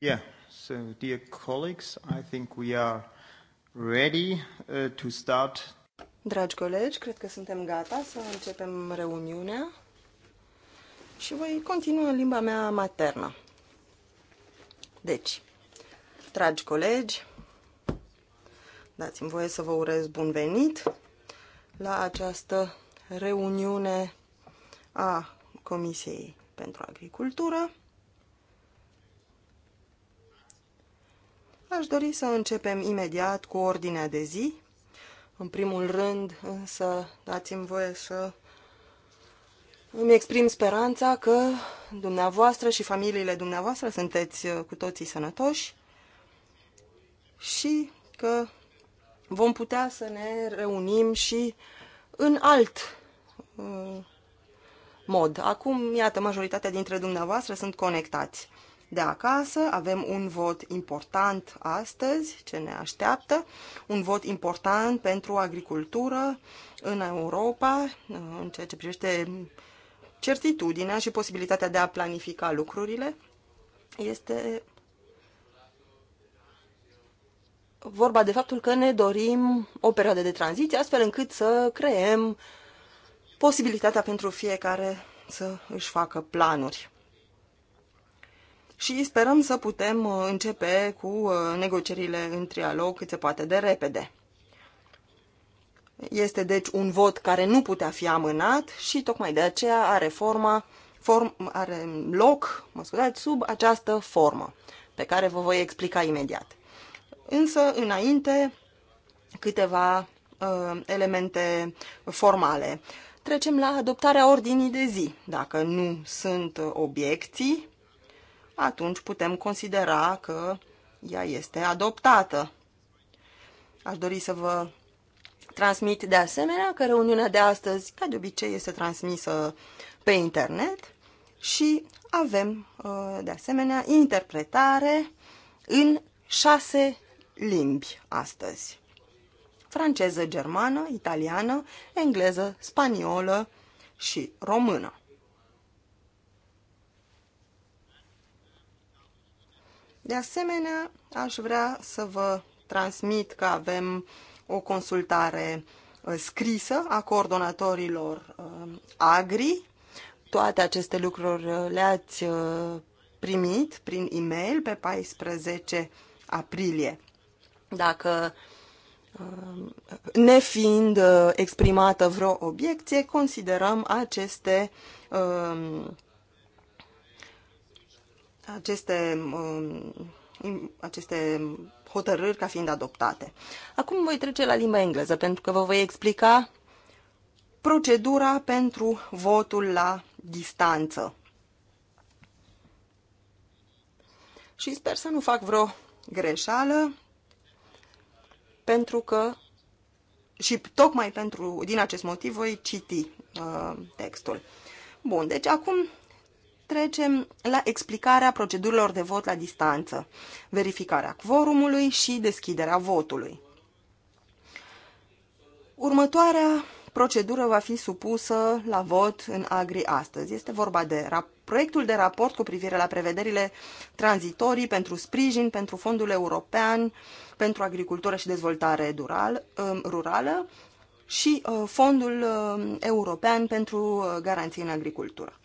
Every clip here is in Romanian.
Yeah, so dear colleagues, I think we are ready uh, to start. Dragi colegi, cred că suntem gata să începem reuniunea și voi continua în limba mea maternă. Deci, dragi colegi, dați-mi voie să vă urez bun venit la această reuniune a Comisiei pentru Agricultură. Aș dori să începem imediat cu ordinea de zi. În primul rând, însă, dați-mi voie să îmi exprim speranța că dumneavoastră și familiile dumneavoastră sunteți uh, cu toții sănătoși și că vom putea să ne reunim și în alt uh, mod. Acum, iată, majoritatea dintre dumneavoastră sunt conectați de acasă. Avem un vot important astăzi, ce ne așteaptă, un vot important pentru agricultură în Europa, în ceea ce privește certitudinea și posibilitatea de a planifica lucrurile. Este vorba de faptul că ne dorim o perioadă de tranziție, astfel încât să creem posibilitatea pentru fiecare să își facă planuri și sperăm să putem uh, începe cu uh, negocierile în trialog cât se poate de repede. Este deci un vot care nu putea fi amânat și tocmai de aceea are, forma, form, are loc mă scuzați, sub această formă pe care vă voi explica imediat. Însă, înainte, câteva uh, elemente formale. Trecem la adoptarea ordinii de zi. Dacă nu sunt uh, obiecții, atunci putem considera că ea este adoptată. Aș dori să vă transmit de asemenea că reuniunea de astăzi, ca de obicei, este transmisă pe internet și avem uh, de asemenea interpretare în șase limbi astăzi. Franceză, germană, italiană, engleză, spaniolă și română. De asemenea, aș vrea să vă transmit că avem o consultare uh, scrisă a coordonatorilor uh, agri. Toate aceste lucruri uh, le-ați primit prin e-mail pe 14 aprilie. Dacă nefiind exprimată vreo obiecție, considerăm aceste aceste, um, aceste hotărâri ca fiind adoptate. Acum voi trece la limba engleză, pentru că vă voi explica procedura pentru votul la distanță. Și sper să nu fac vreo greșeală, pentru că și tocmai pentru, din acest motiv voi citi uh, textul. Bun, deci acum Trecem la explicarea procedurilor de vot la distanță, verificarea quorumului și deschiderea votului. Următoarea procedură va fi supusă la vot în Agri astăzi. Este vorba de proiectul de raport cu privire la prevederile tranzitorii pentru sprijin pentru Fondul European pentru Agricultură și Dezvoltare um, Rurală și uh, Fondul um, European pentru uh, Garanții în Agricultură.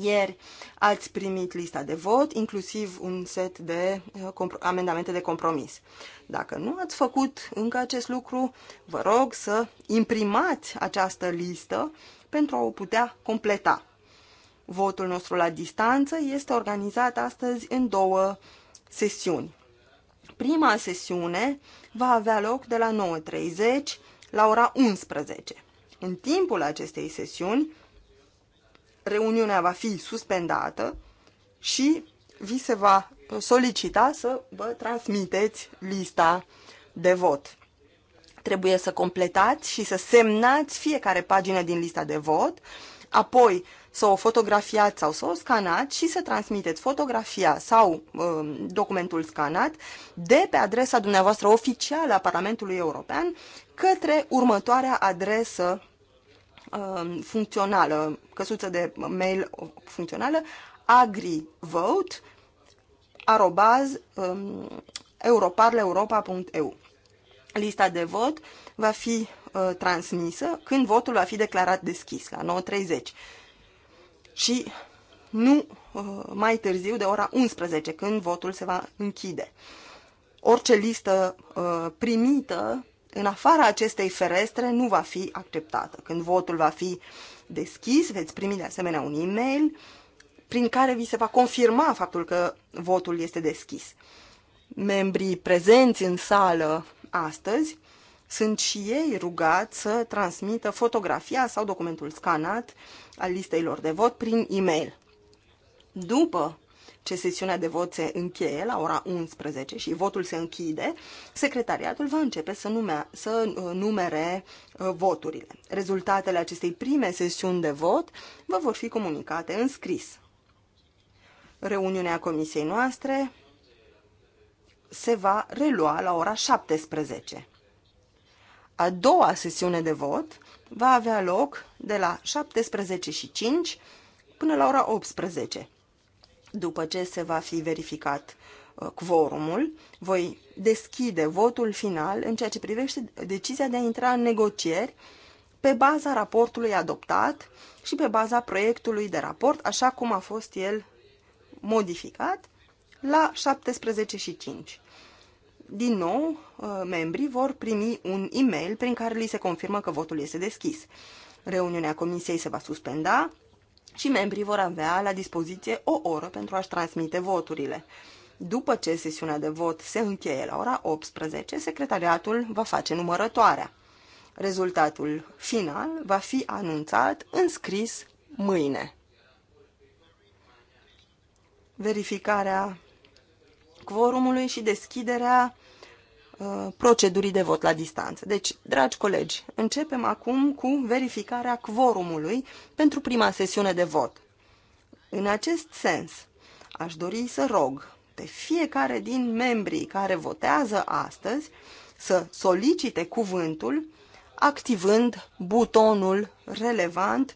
Ieri ați primit lista de vot, inclusiv un set de uh, amendamente de compromis. Dacă nu ați făcut încă acest lucru, vă rog să imprimați această listă pentru a o putea completa. Votul nostru la distanță este organizat astăzi în două sesiuni. Prima sesiune va avea loc de la 9.30 la ora 11. În timpul acestei sesiuni, reuniunea va fi suspendată și vi se va solicita să vă transmiteți lista de vot. Trebuie să completați și să semnați fiecare pagină din lista de vot, apoi să o fotografiați sau să o scanați și să transmiteți fotografia sau uh, documentul scanat de pe adresa dumneavoastră oficială a Parlamentului European către următoarea adresă Um, funcțională, căsuță de mail funcțională, agrivote, arobaz, um, europarleuropa.eu. Lista de vot va fi uh, transmisă când votul va fi declarat deschis la 9.30 și nu uh, mai târziu de ora 11 când votul se va închide. Orice listă uh, primită în afara acestei ferestre nu va fi acceptată. Când votul va fi deschis, veți primi de asemenea un e-mail prin care vi se va confirma faptul că votul este deschis. Membrii prezenți în sală astăzi sunt și ei rugați să transmită fotografia sau documentul scanat al listei lor de vot prin e-mail. După ce sesiunea de vot se încheie la ora 11 și votul se închide, secretariatul va începe să, numea, să uh, numere uh, voturile. Rezultatele acestei prime sesiuni de vot vă vor fi comunicate în scris. Reuniunea comisiei noastre se va relua la ora 17. A doua sesiune de vot va avea loc de la 17.05 și până la ora 18 după ce se va fi verificat uh, quorumul, voi deschide votul final în ceea ce privește decizia de a intra în negocieri pe baza raportului adoptat și pe baza proiectului de raport, așa cum a fost el modificat, la 17 și 5. Din nou, uh, membrii vor primi un e-mail prin care li se confirmă că votul este deschis. Reuniunea comisiei se va suspenda și membrii vor avea la dispoziție o oră pentru a-și transmite voturile. După ce sesiunea de vot se încheie la ora 18, secretariatul va face numărătoarea. Rezultatul final va fi anunțat în scris mâine. Verificarea quorumului și deschiderea Uh, procedurii de vot la distanță. Deci, dragi colegi, începem acum cu verificarea quorumului pentru prima sesiune de vot. În acest sens, aș dori să rog pe fiecare din membrii care votează astăzi să solicite cuvântul activând butonul relevant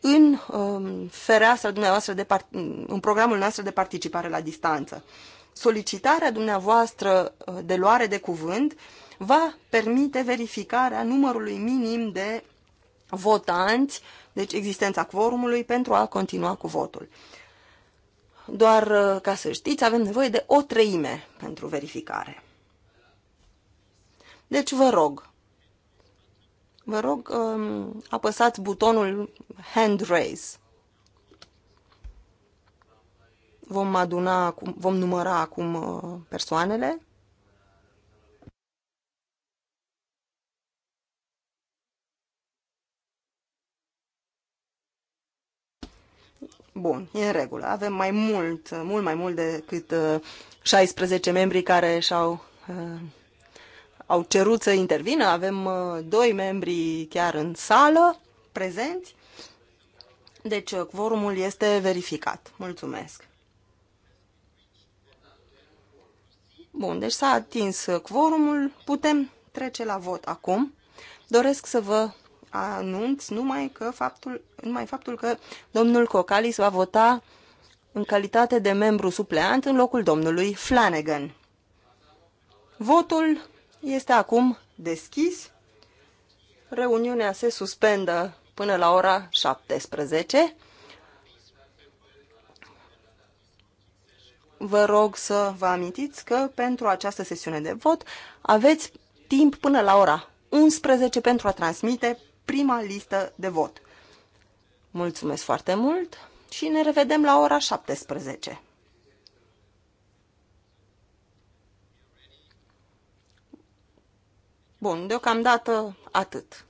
în um, fereastra dumneavoastră de part- în programul nostru de participare la distanță solicitarea dumneavoastră uh, de luare de cuvânt va permite verificarea numărului minim de votanți, deci existența quorumului pentru a continua cu votul. Doar uh, ca să știți, avem nevoie de o treime pentru verificare. Deci vă rog, vă rog, um, apăsați butonul hand raise. vom aduna vom număra acum uh, persoanele. Bun, e în regulă. Avem mai mult, uh, mult mai mult decât 16 uh, membri care și-au au cerut să intervină. Avem doi membri chiar în sală prezenți. Deci, quorumul este verificat. Mulțumesc. Bun, deci s-a atins quorumul, putem trece la vot acum. Doresc să vă anunț numai, că faptul, numai faptul că domnul Cocalis va vota în calitate de membru supleant în locul domnului Flanagan. Votul este acum deschis. Reuniunea se suspendă până la ora 17. vă rog să vă amintiți că pentru această sesiune de vot aveți timp până la ora 11 pentru a transmite prima listă de vot. Mulțumesc foarte mult și ne revedem la ora 17. Bun, deocamdată atât.